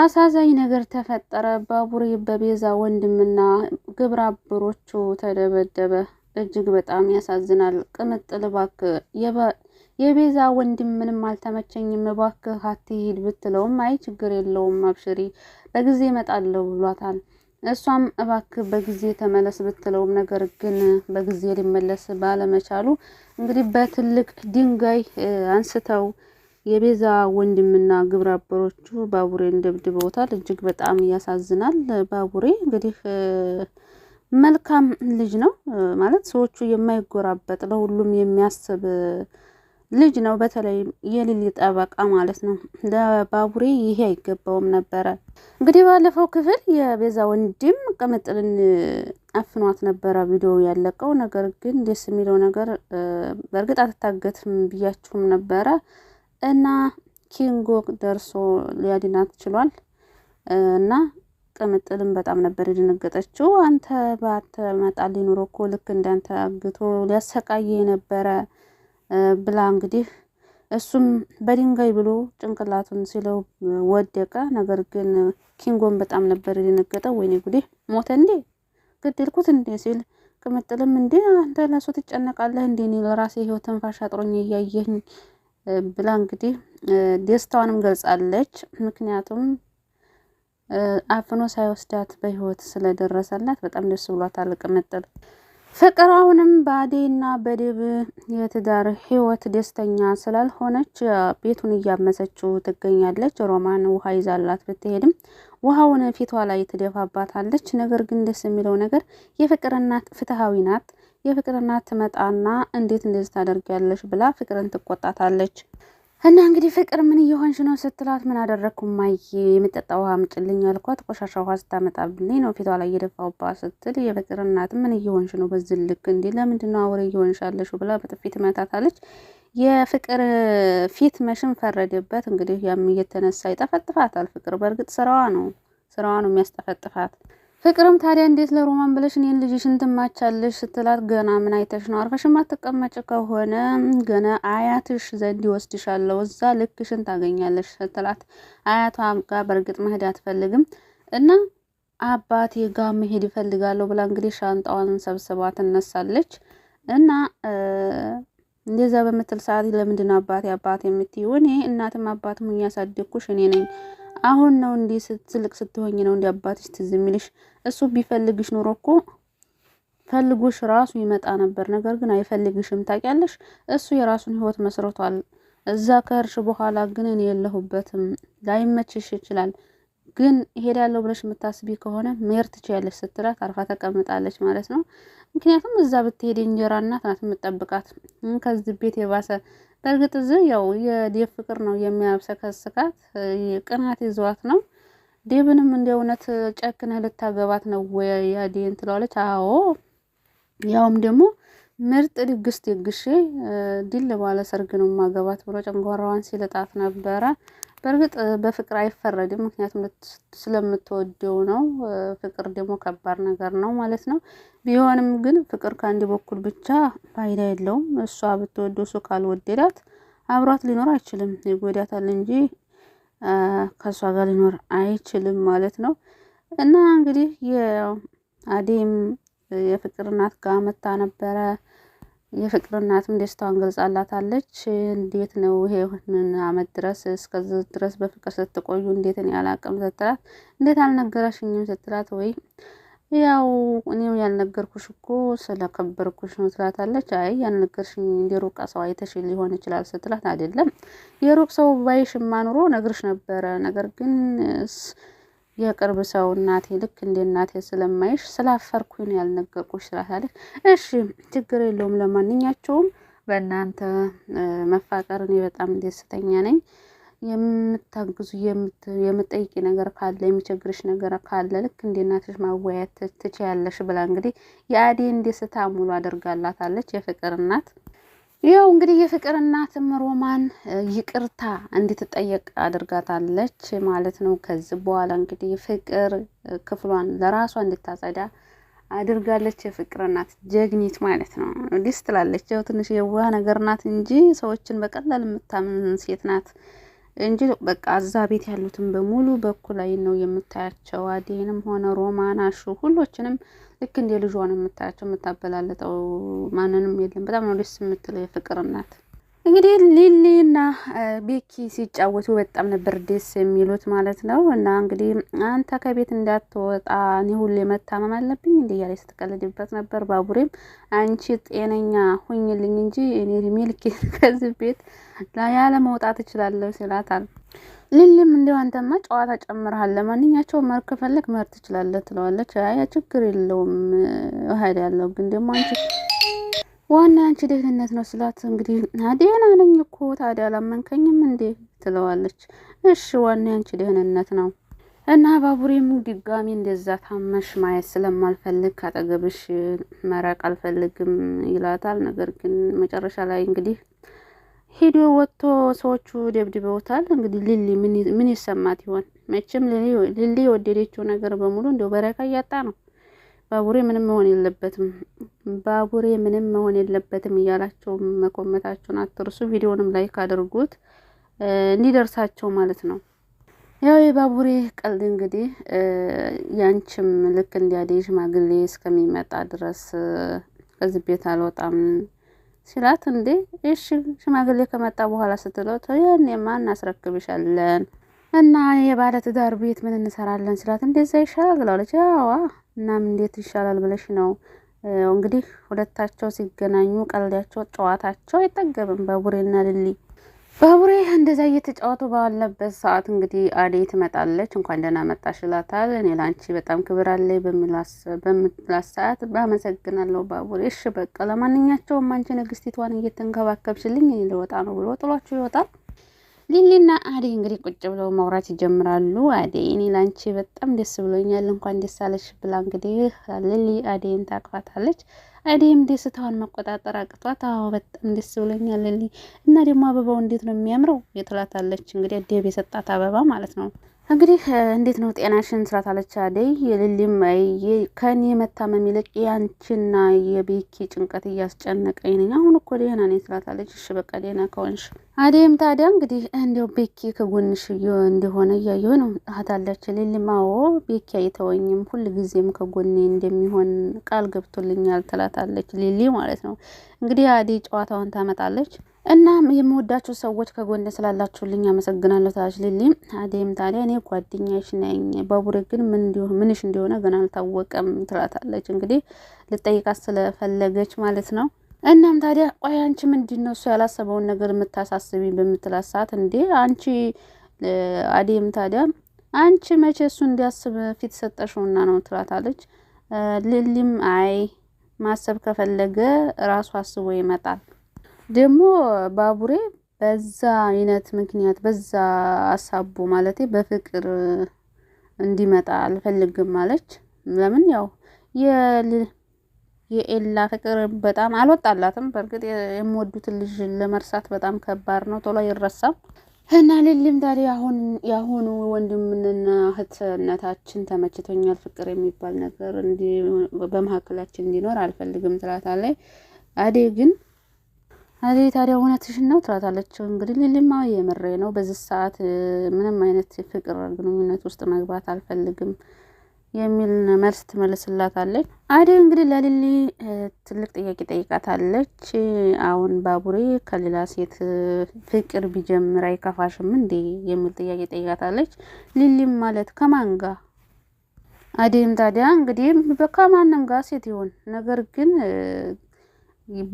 አሳዛኝ ነገር ተፈጠረ። ባቡሬ በቤዛ ወንድምና ግብረ አበሮቹ ተደበደበ። እጅግ በጣም ያሳዝናል። ቅምጥል እባክህ የቤዛ ወንድም ምንም አልተመቸኝም፣ እባክህ አትሂድ ብትለውም አይ ችግር የለውም አብሽሪ፣ በጊዜ እመጣለሁ ብሏታል። እሷም እባክህ በጊዜ ተመለስ ብትለውም ነገር ግን በጊዜ ሊመለስ ባለመቻሉ እንግዲህ በትልቅ ድንጋይ አንስተው የቤዛ ወንድምና ግብረ አበሮቹ ባቡሬን ደብድበውታል። እጅግ በጣም ያሳዝናል። ባቡሬ እንግዲህ መልካም ልጅ ነው ማለት ሰዎቹ የማይጎራበጥ ለሁሉም የሚያስብ ልጅ ነው። በተለይ የሊሊ ጠበቃ ማለት ነው። ለባቡሬ ይሄ አይገባውም ነበረ። እንግዲህ ባለፈው ክፍል የቤዛ ወንድም ቅምጥልን አፍኗት ነበረ ቪዲዮ ያለቀው። ነገር ግን ደስ የሚለው ነገር በእርግጥ አትታገትም ብያችሁም ነበረ እና ኪንጎ ደርሶ ሊያድናት ችሏል። እና ቅምጥልም በጣም ነበር የደነገጠችው። አንተ ባትመጣ ሊኖሮ እኮ ልክ እንዳንተ አግቶ ሊያሰቃየ የነበረ ብላ እንግዲህ እሱም በድንጋይ ብሎ ጭንቅላቱን ሲለው ወደቀ። ነገር ግን ኪንጎን በጣም ነበር የደነገጠው። ወይኔ ጉዴ ሞተ እንዴ ግድልኩት እንዴ ሲል ቅምጥልም እንዴ አንተ ለሱ ትጨነቃለህ እንዴ? እኔ ለራሴ ህይወት ትንፋሽ አጥሮኝ እያየኝ ብላ እንግዲህ ደስታዋንም ገልጻለች። ምክንያቱም አፍኖ ሳይወስዳት በህይወት ስለደረሰላት በጣም ደስ ብሏታል። ቅምጥል ፍቅር አሁንም በአዴና በዴብ የትዳር ህይወት ደስተኛ ስላልሆነች ቤቱን እያመሰችው ትገኛለች። ሮማን ውሃ ይዛላት ብትሄድም ውሃውን ፊቷ ላይ ትደፋባታለች። ነገር ግን ደስ የሚለው ነገር የፍቅር እናት ናት። የፍቅር እናት ትመጣና እንዴት እንደዚህ ታደርጊያለሽ ብላ ፍቅርን ትቆጣታለች። እና እንግዲህ ፍቅር ምን እየሆንሽ ነው ስትላት፣ ምን አደረግኩ ማይ የምጠጣ ውሃ ምጭልኝ አልኳት። ቆሻሻ ውሃ ስታመጣብልኝ ነው ፊቷ ላይ የደፋውባ ስትል፣ የፍቅር እናት ምን እየሆንሽ ነው በዚህ ልክ እንዲ ለምንድነው አውሬ እየሆንሻለሽ ብላ በጥፊ ትመታታለች። የፍቅር ፊት መሽን ፈረደበት። እንግዲህ ያም እየተነሳ ይጠፈጥፋታል። ፍቅር በእርግጥ ስራዋ ነው ስራዋ ነው የሚያስጠፈጥፋት። ፍቅርም ታዲያ እንዴት ለሮማን ብለሽ እኔን ልጅሽን ትማቻለሽ ስትላት ገና ምን አይተሽ ነው? አርፈሽ ማትቀመጭ ከሆነ ገና አያትሽ ዘንድ ይወስድሻለሁ፣ እዛ ልክሽን ታገኛለሽ ስትላት አያቷ ጋር በእርግጥ መሄድ አትፈልግም እና አባቴ ጋር መሄድ ይፈልጋለሁ ብላ እንግዲህ ሻንጣዋን ሰብስባ ትነሳለች እና እንደዛ በምትል ሰዓት ለምንድን አባቴ አባቴ የምትይው? እኔ እናትም አባትም እያሳደግኩሽ እኔ ነኝ አሁን ነው እንዲህ ትልቅ ስትሆኝ ነው እንዲህ አባትሽ ትዝ የሚልሽ። እሱ ቢፈልግሽ ኑሮ እኮ ፈልጎሽ ራሱ ይመጣ ነበር። ነገር ግን አይፈልግሽም። ታውቂያለሽ፣ እሱ የራሱን ህይወት መስርቷል። እዛ ከእርሽ በኋላ ግን እኔ የለሁበትም። ላይመችሽ ይችላል፣ ግን እሄዳለሁ ብለሽ የምታስቢ ከሆነ መሄድ ትችያለሽ ስትላት አርፋ ተቀምጣለች ማለት ነው። ምክንያቱም እዛ ብትሄድ የእንጀራ እናት ናት የምጠብቃት ከዚህ ቤት የባሰ በእርግጥ እዚህ ያው የዴቭ ፍቅር ነው የሚያብሰከስካት፣ ቅናት ይዟት ነው። ዴቭንም እንደ እውነት ጨክነህ ልታገባት ነው ወይ ያዴን ትለዋለች። አዎ ያውም ደግሞ ምርጥ ድግስ ደግሼ ድል ባለ ሰርግ ነው ማገባት ብሎ ጨንጓራዋን ሲልጣት ነበረ። በእርግጥ በፍቅር አይፈረድም፣ ምክንያቱም ስለምትወደው ነው። ፍቅር ደግሞ ከባድ ነገር ነው ማለት ነው። ቢሆንም ግን ፍቅር ከአንድ በኩል ብቻ ፋይዳ የለውም። እሷ ብትወደው እሱ ካልወደዳት አብሯት ሊኖር አይችልም። ይጎዳታል እንጂ ከእሷ ጋር ሊኖር አይችልም ማለት ነው እና እንግዲህ የአዴም የፍቅር እናት ጋር መታ ነበረ። የፍቅር እናትም ደስታዋን ገልጻላታለች። እንዴት ነው ይሄን አመት ድረስ እስከዚህ ድረስ በፍቅር ስትቆዩ እንዴት ነው ያላቅም ስትላት፣ እንዴት አልነገረሽኝም ስትላት፣ ወይ ያው እኔው ያልነገርኩሽ እኮ ስለከበርኩሽ ነው ትላታለች። አይ ያልነገርሽኝ የሩቅ ሰው አይተሽ ሊሆን ይችላል ስትላት፣ አይደለም የሩቅ ሰው ባይሽማ ኑሮ ነግርሽ ነበረ ነገር ግን የቅርብ ሰው እናቴ ልክ እንደ እናቴ ስለማይሽ ስላፈርኩኝ ነው ያልነገርኩሽ ስላታለች። እሺ ችግር የለውም። ለማንኛቸውም በእናንተ መፋቀር እኔ በጣም ደስተኛ ነኝ። የምታግዙ የምጠይቂ ነገር ካለ የሚቸግርሽ ነገር ካለ ልክ እንደ እናትሽ ማወያየት ትችያለሽ ብላ እንግዲህ የአዴን ደስታ ሙሉ አድርጋላታለች የፍቅር እናት ይኸው እንግዲህ የፍቅር እናትም ሮማን ይቅርታ እንድትጠየቅ አድርጋታለች ማለት ነው። ከዚህ በኋላ እንግዲህ ፍቅር ክፍሏን ለራሷ እንድታጸዳ አድርጋለች። የፍቅር እናት ጀግኒት ማለት ነው። ደስ ትላለች። ያው ትንሽ የዋህ ነገር ናት እንጂ ሰዎችን በቀላል የምታምን ሴት ናት። እንጂ በቃ እዛ ቤት ያሉትን በሙሉ በኩል ላይ ነው የምታያቸው። አዴንም ሆነ ሮማን፣ አሹ ሁሎችንም ልክ እንደ ልጇ ነው የምታያቸው። የምታበላለጠው ማንንም የለም። በጣም ነው ደስ የምትለው የፍቅር እናት። እንግዲህ ሊሊና ቤኪ ሲጫወቱ በጣም ነበር ደስ የሚሉት ማለት ነው። እና እንግዲህ አንተ ከቤት እንዳትወጣ እኔ ሁሌ መታመም አለብኝ እንዲ እያለ ስትቀልድበት ነበር። ባቡሬም አንቺ ጤነኛ ሁኝልኝ እንጂ እኔ እድሜ ልኬን ከዚህ ቤት ያለ መውጣት እችላለሁ ሲላታል። ሊሊም እንዲሁ አንተማ ጨዋታ ጨምረሃል፣ ለማንኛቸውም መር ከፈለግ መር ትችላለህ ትለዋለች። ችግር የለውም እህድ ያለው ግን ደግሞ አንቺ ዋና አንቺ ደህንነት ነው ስላት፣ እንግዲህ ደህና ነኝ እኮ ታዲያ አላመንከኝም እንዴ ትለዋለች። እሺ ዋና አንቺ ደህንነት ነው እና ባቡሬም ድጋሚ እንደዛ ታመሽ ማየት ስለማልፈልግ ካጠገብሽ መራቅ አልፈልግም ይላታል። ነገር ግን መጨረሻ ላይ እንግዲህ ሄዶ ወጥቶ ሰዎቹ ደብድበውታል። እንግዲህ ሊሊ ምን ይሰማት ይሆን? መቼም ሊሊ የወደደችው ነገር በሙሉ እንደው በረካ እያጣ ነው። ባቡሬ ምንም መሆን የለበትም፣ ባቡሬ ምንም መሆን የለበትም እያላቸው መኮመታቸውን አትርሱ። ቪዲዮንም ላይክ አድርጉት እንዲደርሳቸው ማለት ነው። ያው የባቡሬ ቀልድ እንግዲህ ያንቺም ልክ እንዲያደይ ሽማግሌ እስከሚመጣ ድረስ ከዚህ ቤት አልወጣም ሲላት፣ እንዴ እሺ ሽማግሌ ከመጣ በኋላ ስትለው ያኔማ እናስረክብሻለን እና የባለትዳር ቤት ምን እንሰራለን ሲላት፣ እንደዛ ይሻላል ብላለች። ያዋ እናም እንዴት ይሻላል ብለሽ ነው እንግዲህ ሁለታቸው ሲገናኙ ቀልዳቸው ጨዋታቸው አይጠገብም። ባቡሬና ልሊ ባቡሬ እንደዛ እየተጫወቱ ባለበት ሰዓት እንግዲህ አደይ ትመጣለች። እንኳን ደህና መጣሽ ይላታል። እኔ ላንቺ በጣም ክብር አለኝ በምትላት ሰዓት አመሰግናለሁ ባቡሬ፣ እሺ በቃ ለማንኛቸውም አንቺ ንግስቲቷን እየተንከባከብሽልኝ እኔ ልወጣ ነው ብሎ ጥሏቸው ይወጣል። ሊሊና አዴ እንግዲህ ቁጭ ብለው ማውራት ይጀምራሉ። አደይ እኔ ላንቺ በጣም ደስ ብሎኛል፣ እንኳን ደስ አለሽ ብላ እንግዲህ ሊሊ አዴን ታቅፋታለች። እኔም ደስታዋን መቆጣጠር አቅቷት፣ አዎ በጣም ደስ ብሎኛል እና ደግሞ አበባው እንዴት ነው የሚያምረው የትላታለች እንግዲህ ደብ የሰጣት አበባ ማለት ነው። እንግዲህ እንዴት ነው ጤናሽን ትላታለች አደይ። የልሊም ከኔ መታመም ይልቅ ያንቺና የቤኪ ጭንቀት እያስጨነቀኝ ነኝ። አሁን እኮ ደህና ነኝ ትላታለች። እሺ በቃ ደህና ከሆንሽ አደይም ታዲያ እንግዲህ እንዲያው ቤኪ ከጎንሽ እንደሆነ እያየሁ ነው እህታለች። ልሊም አዎ ቤኪ አይተወኝም፣ ሁልጊዜም ከጎኔ እንደሚሆን ቃል ገብቶልኛል ትላት ትላታለች ሊሊ ማለት ነው። እንግዲህ አዴ ጨዋታውን ታመጣለች። እናም የምወዳችሁ ሰዎች ከጎን ስላላችሁልኝ አመሰግናለሁ ታች ሊሊ። አዴም ታዲያ እኔ ጓደኛሽ ነኝ፣ ባቡሬ ግን ምንሽ እንዲሆነ ገና አልታወቀም ትላታለች። እንግዲህ ልጠይቃት ስለፈለገች ማለት ነው። እናም ታዲያ ቆይ አንቺ ምንድን ነው እሱ ያላሰበውን ነገር የምታሳስቢ በምትላት ሰዓት እንዴ አንቺ አዴም ታዲያ አንቺ መቼ እሱ እንዲያስብ ፊት ሰጠሽውና ነው ትላታለች። ሊሊም አይ ማሰብ ከፈለገ ራሱ አስቦ ይመጣል። ደግሞ ባቡሬ በዛ አይነት ምክንያት በዛ አሳቦ ማለት በፍቅር እንዲመጣ አልፈልግም አለች። ለምን ያው የኤላ ፍቅር በጣም አልወጣላትም። በእርግጥ የምወዱትን ልጅ ለመርሳት በጣም ከባድ ነው፣ ቶሎ አይረሳም። እና ልልም ዳሪ አሁን የአሁኑ ወንድምና እህትነታችን ተመችቶኛል። ፍቅር የሚባል ነገር በመካከላችን እንዲኖር አልፈልግም ትላታለች። አዴ ግን አዴ ታዲያ እውነትሽን ነው ትላታለች። እንግዲህ ልልማ የምሬ ነው፣ በዚህ ሰዓት ምንም አይነት ፍቅር ግንኙነት ውስጥ መግባት አልፈልግም የሚል መልስ ትመልስላታለች። አደይ እንግዲህ ለሊሊ ትልቅ ጥያቄ ጠይቃታለች። አሁን ባቡሬ ከሌላ ሴት ፍቅር ቢጀምር አይከፋሽም እንዴ የሚል ጥያቄ ጠይቃታለች። ሊሊም ማለት ከማን ጋ? አደይም ታዲያ እንግዲህ ከማንም ጋ ሴት ይሆን ነገር ግን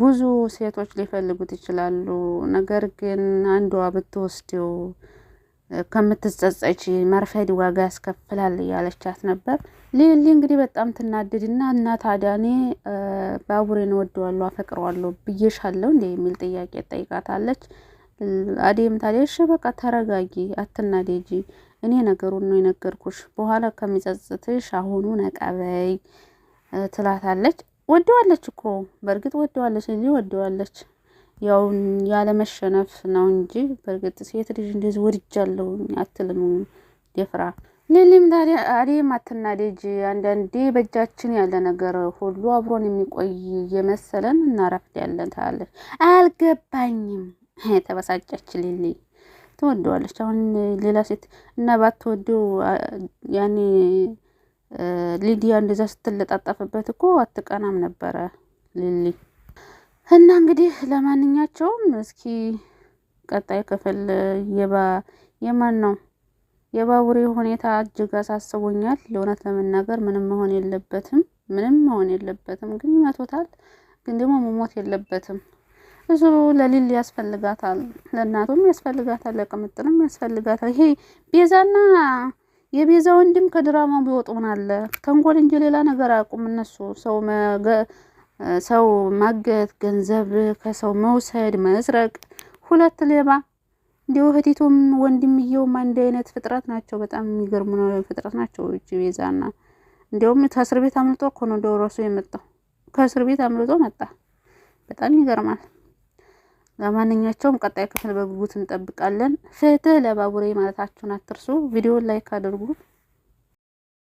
ብዙ ሴቶች ሊፈልጉት ይችላሉ። ነገር ግን አንዷ ብትወስደው ከምትጸጸች መርፈድ ዋጋ ያስከፍላል እያለቻት ነበር። ሊሊ እንግዲህ በጣም ትናደድና እና ታዲያ እኔ ባቡሬን ወደዋለሁ አፈቅረዋለሁ ብዬሻለሁ እንደ የሚል ጥያቄ ጠይቃታለች። አዴም ታዲያ እሺ በቃ ተረጋጊ፣ አትናደጂ፣ እኔ ነገሩን ነው የነገርኩሽ፣ በኋላ ከሚጸጽትሽ አሁኑ ነቀበይ ትላታለች። ወደዋለች እኮ በእርግጥ ወደዋለች፣ ሊሊ ወደዋለች። ያው ያለመሸነፍ ነው እንጂ በእርግጥ ሴት ልጅ እንደዚህ ወድጃለሁ አትልም ደፍራ። ሌሊም ታዲያ አዴም አትናደጅ። አንዳንዴ በእጃችን ያለ ነገር ሁሉ አብሮን የሚቆይ እየመሰለን እናረፍዳለን ታለች። አልገባኝም ተበሳጨች ሌሊ። ትወደዋለች አሁን ሌላ ሴት እና ባትወደው ያኔ ሊዲያ እንደዛ ስትለጣጠፍበት እኮ አትቀናም ነበረ ሌሊ እና እንግዲህ ለማንኛቸውም እስኪ ቀጣይ ክፍል የማን ነው የባቡሬ ሁኔታ እጅግ አሳስቦኛል። ለእውነት ለመናገር ምንም መሆን የለበትም፣ ምንም መሆን የለበትም። ግን ይመቶታል፣ ግን ደግሞ መሞት የለበትም። እሱ ለሊል ያስፈልጋታል፣ ለእናቱም ያስፈልጋታል፣ ለቅምጥልም ያስፈልጋታል። ይሄ ቤዛና የቤዛ ወንድም ከድራማው ቢወጡ ምን አለ? ተንኮል እንጂ ሌላ ነገር አያውቁም እነሱ ሰው ሰው ማገት፣ ገንዘብ ከሰው መውሰድ፣ መስረቅ ሁለት ሌባ እንዲሁ እህቲቱም ወንድምየውም አንድ አይነት ፍጥረት ናቸው። በጣም የሚገርሙ ፍጥረት ናቸው። እጅ ቤዛና እንዲሁም ከእስር ቤት አምልጦ እኮ ነው እንደው ራሱ የመጣው ከእስር ቤት አምልጦ መጣ። በጣም ይገርማል። ለማንኛቸውም ቀጣይ ክፍል በጉጉት እንጠብቃለን። ፍትህ ለባቡሬ ማለታችሁን አትርሱ። ቪዲዮን ላይክ አድርጉት።